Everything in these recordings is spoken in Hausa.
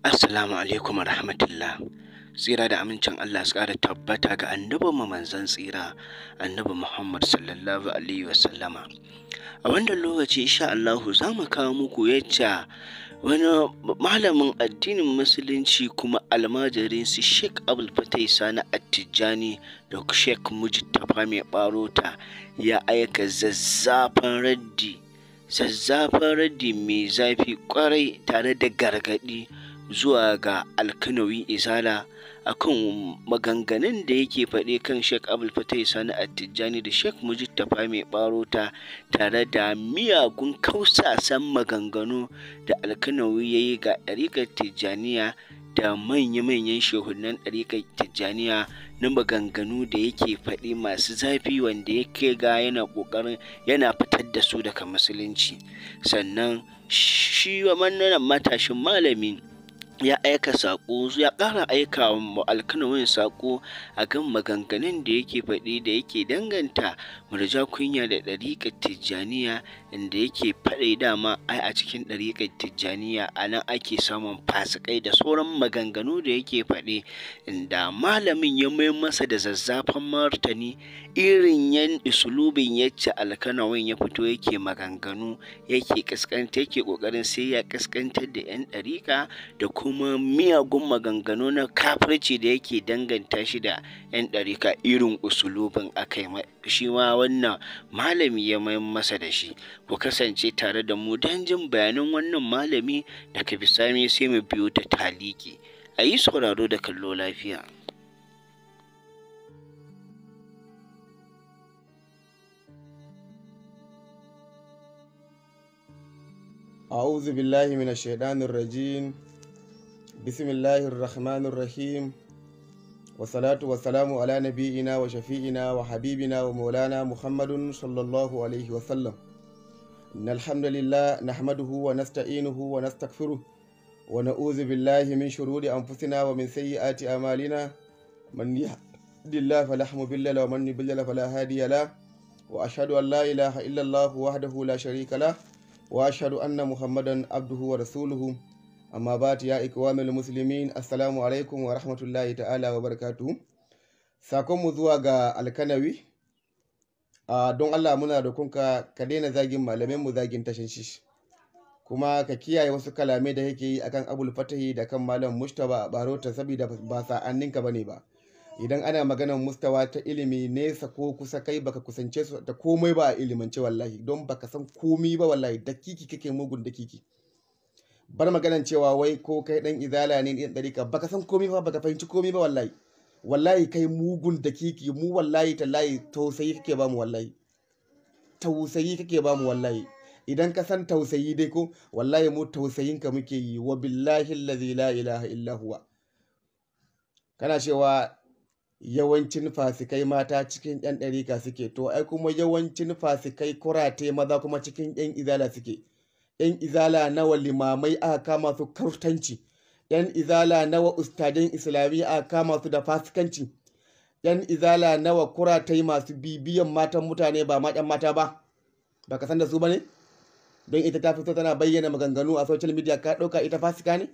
Assalamu alaikum wa rahmatullah. Tsira da amincin Allah su ƙara tabbata ga annabin mu manzon tsira, annabi Muhammad sallallahu alaihi wa sallama. A wannan lokaci insha Allah za mu kawo muku yacca wani malamin addinin musulunci kuma almajirin su Sheikh Abdul Fatai Sani Attijani da Sheikh Mujtaba mai barota ya aika zazzafan raddi zazzafan raddi mai zafi kwarai tare da gargaɗi zuwa ga alkanawi izala akan maganganun da yake faɗe kan sheik fatai sani attijani da sheik mujib tafa mai barota tare da miyagun kausasan maganganu da alkanawi ya yi ga ɗariƙar tijjaniya da manya-manyan shehunan ɗariƙar tijjaniya na maganganu da yake faɗi masu zafi wanda yake ga yana ƙoƙarin yana fitar da su daga musulunci sannan shi wannan matashin malamin ya aika saƙo ya ƙara aika wa alkanawin saƙo a kan maganganun da yake faɗi da yake danganta murja kunya da ɗariƙar tijjaniya inda yake faɗi dama ai a cikin ɗariƙar tijjaniya a nan ake samun fasikai da sauran maganganu da yake faɗi inda malamin ya mai masa da zazzafan martani irin yan isulubin yacce alkanawin ya fito yake maganganu yake kaskanta yake ƙoƙarin sai ya kaskantar da yan ɗariƙa da kuma miyagun maganganu na kafirci da yake danganta shi da yan ɗariƙa irin usulubin aka yi shi ma wannan malami ya mai masa da shi ku kasance tare da mu don jin bayanin wannan malami da daga sami sai mu biyo ta taliki a yi sauraro da kallo lafiya أعوذ بالله من الشيطان الرجيم بسم الله الرحمن الرحيم والصلاة والسلام على نبينا وشفيئنا وحبيبنا ومولانا محمد صلى الله عليه وسلم إن الحمد لله نحمده ونستعينه ونستغفره ونعوذ بالله من شرور أنفسنا ومن سيئات أعمالنا من يهد الله فلا مضل له ومن يضلل فلا هادي له وأشهد أن لا إله إلا الله وحده لا شريك له وأشهد أن محمدا عبده ورسوله amma ba ta ya ikwamil musulmin assalamu alaikum wa rahmatullahi ta'ala wa barkatu sakonmu zuwa ga alkanawi uh, don allah muna da kunka ka daina zagin malamin mu zagin tashin shi kuma ka kiyaye wasu kalame da yake yi akan abul fatahi da kan malam a barota saboda ba sa'anninka bane ba idan ana maganar mustawa ta ilimi nesa ko kusa kai baka kusance su da komai ba a ilimance wallahi don baka san komai ba wallahi dakiki kake mugun dakiki bar maganan cewa wai ko kai dan izala ne dari ka baka san komai ba baka fahimci komai ba wallahi wallahi kai mugun da kiki mu wallahi tallahi tausayi kake ba mu wallahi tausayi kake ba mu wallahi idan ka san tausayi dai ko wallahi mu tausayin ka muke yi wa billahi allazi la ilaha illa huwa kana cewa yawancin fasikai mata cikin yan ka suke to ai kuma yawancin fasikai kurate maza kuma cikin yan izala suke 'yan izala nawa limamai aka kama su kaftanci 'yan izala nawa ustajen islami aka kama su da fasikanci 'yan izala nawa kuratai masu bibiyan matan mutane ba matan mata ba ba ka san da su ba ne don ita ta fito tana bayyana maganganu a social media ka ɗauka ita fasika ne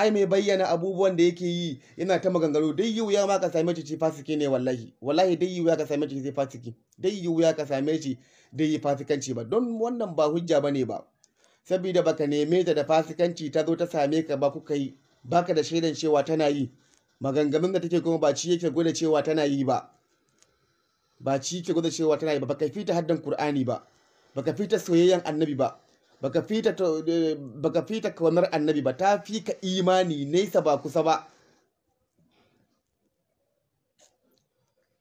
ai mai bayyana abubuwan da yake yi yana ta maganganu dai yi wuya ma ka same shi fasiki ne wallahi wallahi dai yi wuya ka same shi fasiki dai yi wuya ka same shi dai yi fasikanci ba don wannan ba hujja ba bane ba saboda baka neme ta da fasikanci ta zo ta same ka ba kuka yi baka da shaidan cewa tana yi maganganun da take kuma ba ci yake gwada cewa tana yi ba ba ci yake gwada cewa tana yi ba baka fita haddan qur'ani ba baka fita soyayyen annabi ba baka fita eh, baka fita kaunar annabi ba ta fi ka imani nesa ba kusa ba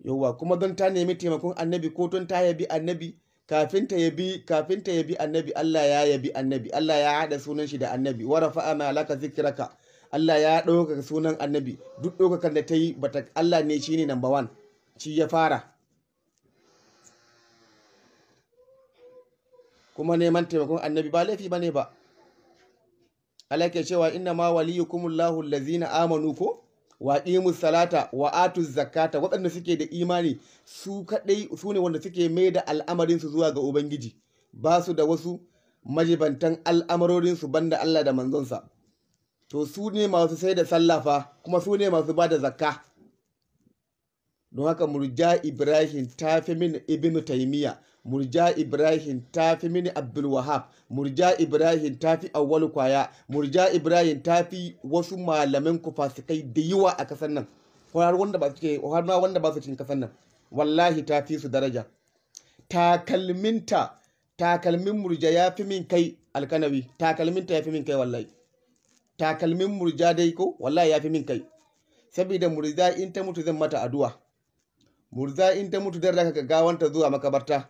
yauwa kuma don ta nemi taimakon annabi ko don ta yabi annabi kafin ta yabi kafin ta yabi annabi Allah ya yabi annabi Allah ya hada sunan shi da annabi wa rafa'a ma laka zikraka Allah ya dauka sunan annabi duk ɗaukakan da ta yi bata Allah ne shine number one shi ya fara kuma neman taimakon annabi ba laifi bane ba Allah cewa inna ma waliyukumullahu allazina amanu ko wa musalata salata wa atuz zakata waɗanda suke da imani su kaɗai su ne wanda suke mai da al'amarinsu zuwa ga ubangiji ba su da wasu majibantan al'amarorinsu su banda Allah da manzonsa to su ne masu sai da sallafa kuma su ne masu ba da zakka don haka murja ibrahim ta fi min ibnu taimiyya murja ibrahim ta fi mini abdulwahab murja ibrahim ta fi awwal kwaya murja ibrahim ta fi wasu malamin ku fasikai da yawa a kasar nan har wanda ba ke har ma wanda ba su cikin kasar nan wallahi ta fi su daraja takalminta takalmin murja ya fi min kai alkanawi takalminta ya fi min kai wallahi takalmin murja dai ko wallahi ya fi min kai saboda murza in ta mutu zan mata addu'a murza in ta mutu dan raka gawanta zuwa makabarta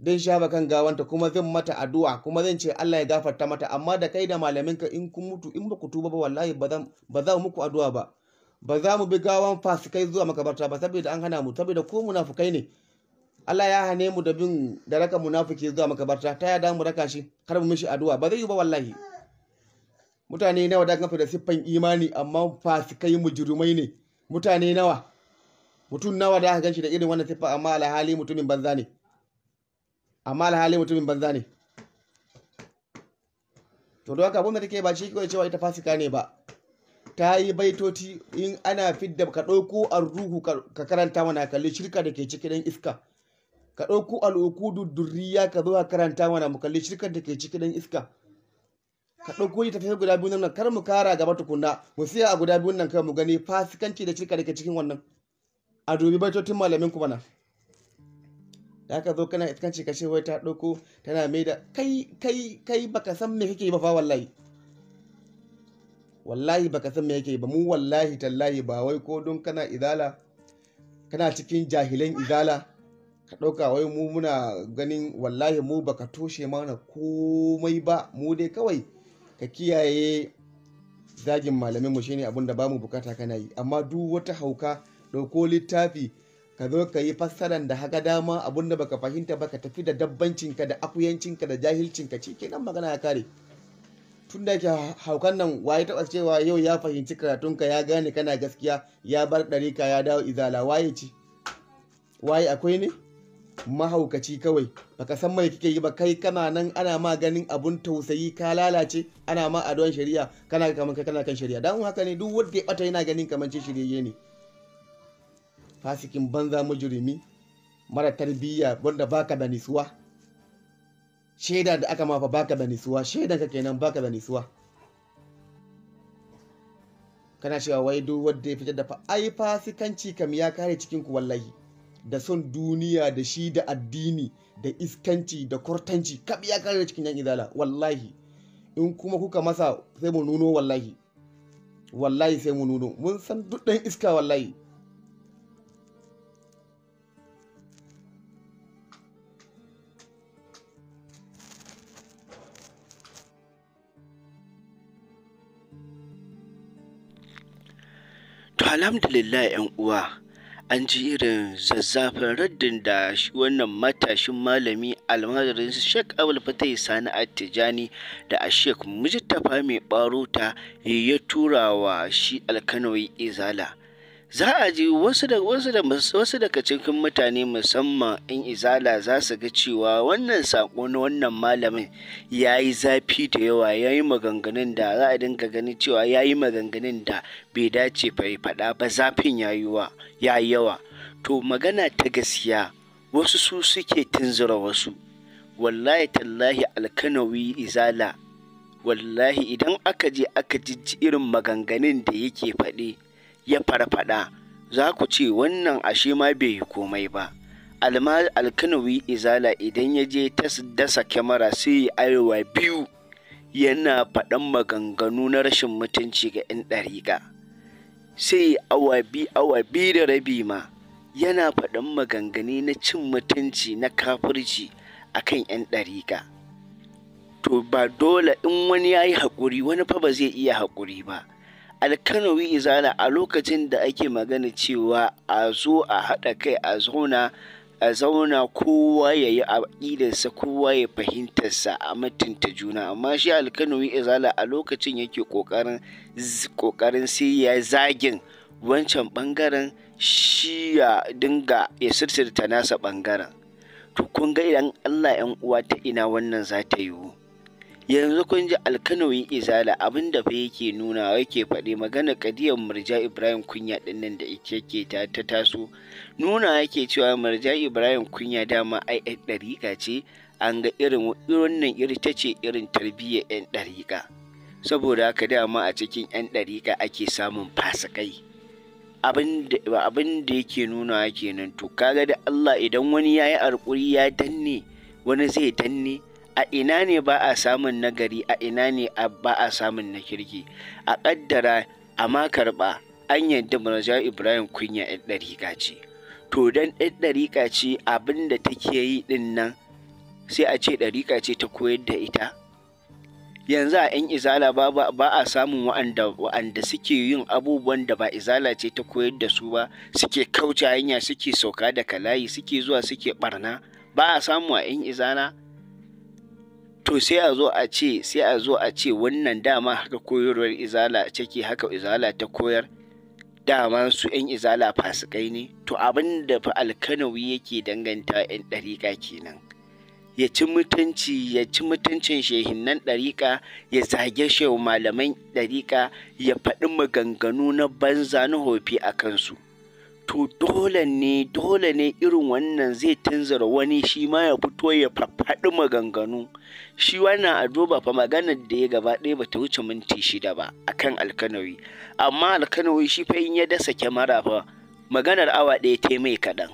zan shafa kan gawanta kuma zan mata addu'a kuma zan ce Allah ya gafarta mata amma da kai da malaminka in kun mutu in ba ku tuba ba wallahi ba za mu muku addu'a ba ba za mu bi gawan fasikai zuwa makabarta ba saboda an hana mu saboda ko munafukai ne Allah ya hane mu da bin da raka munafiki zuwa makabarta ta ya mu raka shi kar mu mishi addu'a ba zai yi ba wallahi mutane nawa da kafa da siffan imani amma fasikai mujrimai ne mutane nawa mutum nawa da aka ganshi da irin wannan siffa amma alhali mutumin banza ne amma alhali mutumin banza ne to don haka abin da take ba shi kawai cewa ita fasika ne ba ta yi baitoti in ana fidda ka ɗauko ruhu ka karanta mana kalli shirka da ke cikin iska ka ɗauko al'ukudu durriya ka zo ka karanta mana mu kalli shirka da ke cikin iska ka ɗauko yi tafiya guda biyu nan kar mu kara gaba tukunna mu siya a guda biyun nan kai mu gani fasikanci da shirka da ke cikin wannan a dubi baitotin malamin ku mana da aka zo kana iskanci ce kashe wai ta ɗauko tana mai da kai kai kai baka san me kake ba fa wallahi wallahi baka san me kake ba mu wallahi tallahi ba wai ko don kana izala kana cikin jahilan izala ka ɗauka wai mu muna ganin wallahi mu baka toshe mana komai ba mu dai kawai ka kiyaye zagin malamin mu shine abin da bamu bukata kana yi amma duk wata hauka ɗauko littafi ka zo ka yi fassaran da haka dama abun da baka fahimta ba ka tafi da dabbancinka da akuyancinka da jahilcinka ci kenan magana ya kare tun da ke haukan nan waye taɓa cewa yau ya fahimci karatunka ya gane kana gaskiya ya bar ka ya dawo izala waye ci waye akwai ne mahaukaci kawai baka san mai kike yi ba kai kana nan ana ma ganin abun tausayi ka lalace ana ma adon shari'a kana kai kana kan shari'a dan haka ne duk wanda ya bata yana ganin kamar ce shirye ne fasikin banza mujurimi mara tarbiyya wanda baka da nisuwa shaida da aka mafa baka da nisuwa shaidan ka kenan baka da nisuwa kana shiga wai duk wanda ya fitar da fa ai fasikanci kam ya kare cikin ku wallahi da son duniya da shi da addini da iskanci da kwartanci kab ya kare cikin yan izala wallahi in kuma kuka masa sai mu nuno wallahi wallahi sai mu nuno mun san duk dan iska wallahi alhamdulillah 'yan uwa an ji irin zazzafin raddin da shi wannan matashin malami almajirin Sheikh Abul Fatai Sani Attijani da a Sheikh Mujtafa mai barota ya tura wa shi alkanoyi Izala za a ji wasu da wasu da wasu daga cikin mutane musamman in izala za su ga cewa wannan sako na wannan malamin ya yi zafi da yawa ya yi maganganun da za a dinga ganin cewa ya yi maganganun da bai dace bai faɗa ba zafin ya yi yawa to magana ta gaskiya wasu su suke tunzura wasu wallahi tallahi alkanawi izala wallahi idan aka je aka jijji irin maganganun da yake faɗi ya farfaɗa za ku ce wannan ashe ma bai yi komai ba alma alkanawi izala idan ya je ta dasa kyamara sai ya arewa biyu yana faɗan maganganu na rashin mutunci ga 'yan ɗariƙa sai awa bi awa biyu da rabi ma yana faɗan maganganu na cin mutunci na kafirci kan 'yan ɗariƙa to ba dole in wani ya yi haƙuri wani fa ba zai iya haƙuri ba alkanowi izala a lokacin da ake magana cewa a zo a haɗa kai a zauna a zauna kowa ya yi aƙidarsa kowa ya fahimtarsa a mutunta juna amma shi alkanowi izala a lokacin yake ƙoƙarin sai ya zagin wancan ɓangaren shi ya dinga ya sirsirta nasa ɓangaren to kun ga idan allah yan uwa ta ina wannan za ta yiwu yanzu kun ji alkanoyin izala abin da fa yake nuna yake faɗi magana kadiyar murja ibrahim kunya ɗinnan nan da yake ta ta taso nuna yake cewa murja ibrahim kunya dama ai ai ɗariƙa ce an ga irin wannan iri ta ce irin tarbiyyar yan ɗarika. saboda haka dama a cikin yan ɗarika ake samun fasikai abin da yake nuna kenan to kaga da allah idan wani ya yi ya danne wani zai danne a ina ne ba a samun nagari a ina ne ba a samun na kirki a ƙaddara a ma karɓa an yadda Manajan ibrahim kunya ɗan ɗariƙa ce to don ɗan ɗariƙa ce abin da take yi ɗin nan sai a ce ɗariƙa ce ta koyar da ita yanzu a 'yan izala ba, a samun wa'anda, suke yin abubuwan da ba izala ce ta koyar da su ba suke kauce hanya suke sauka da kalayi suke zuwa suke barna ba a samu a 'yan izala to sai a zo a ce sai a zo a ce wannan dama haka koyarwar izala take haka izala ta koyar dama su yan izala fasikai ne to abin da fa alkanawi yake danganta yan ɗariƙa kenan ya ci mutunci ya ci mutuncin shehinnan ɗariƙa ya zage shehu malaman ɗariƙa ya faɗi maganganu na banza na hofi a kansu to dole ne dole ne irin wannan zai tanzara wani shi ma ya fito ya faɗi maganganu shi wannan ado ba fa maganar da ya gaba ɗaya ba ta wuce minti shida ba akan alkanawi amma alkanawi shi fa in ya dasa kyamara fa maganar awa ɗaya ta mai kaɗan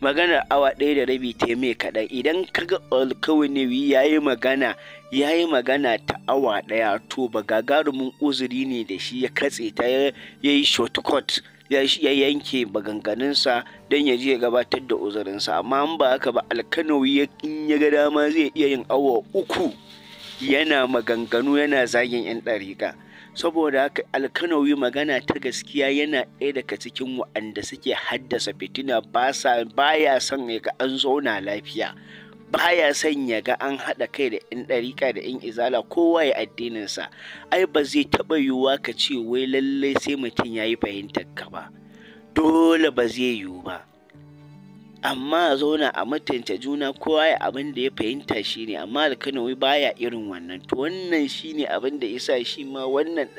maganar awa ɗaya da rabi ta mai kaɗan idan kaga alkawinawi ya yi magana ya yi magana ta awa ɗaya to ba gagarumin uzuri ne da shi ya katse ta ya yi shortcut ya yanke maganganunsa don ya je ya gabatar da uzurinsa amma in ba haka ba alkanawi in ya ga dama zai iya yin awa uku yana maganganu yana zagin 'yan ɗariƙa saboda haka alkanawi magana ta gaskiya yana ɗaya daga cikin waɗanda suke haddasa fitina ba ya son ya ga an zauna lafiya baya son ya ga an haɗa kai da 'yan ɗarika da 'yan izala kowa ya addininsa ai ba zai taɓa yiwuwa ka ce wai lallai sai mutum ya yi fahimtar ka ba dole ba zai yiwu ba amma zauna a mutunta juna kowa ya abin da ya fahimta shi ne amma wai baya irin wannan to wannan shi ne abin da isa shi ma wannan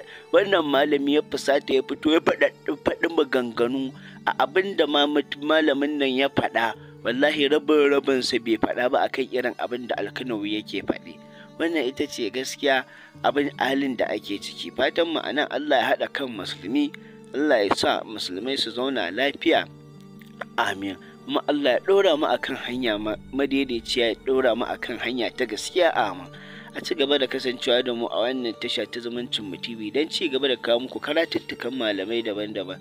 malami ya fusata ya fito ya faɗi maganganu a abin da malamin nan ya faɗa wallahi rabin rabinsa bai faɗa ba akan irin abin da alkanawi yake faɗi wannan ita ce gaskiya abin halin da ake ciki fatan mu anan Allah ya haɗa kan musulmi Allah ya sa musulmai su zauna lafiya amin kuma Allah ya ɗora mu akan hanya madaidaiciya ya ɗora mu akan hanya ta gaskiya amin a ci gaba da kasancewa da mu a wannan tasha ta zumuncin mu TV don ci gaba da kawo muku karatuttukan malamai daban-daban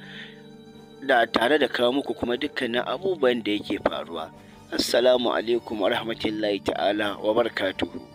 da tare da kawo muku kuma dukkanin abubuwan da yake faruwa. Assalamu alaikum wa rahmatullahi ta'ala wa barakatuhu.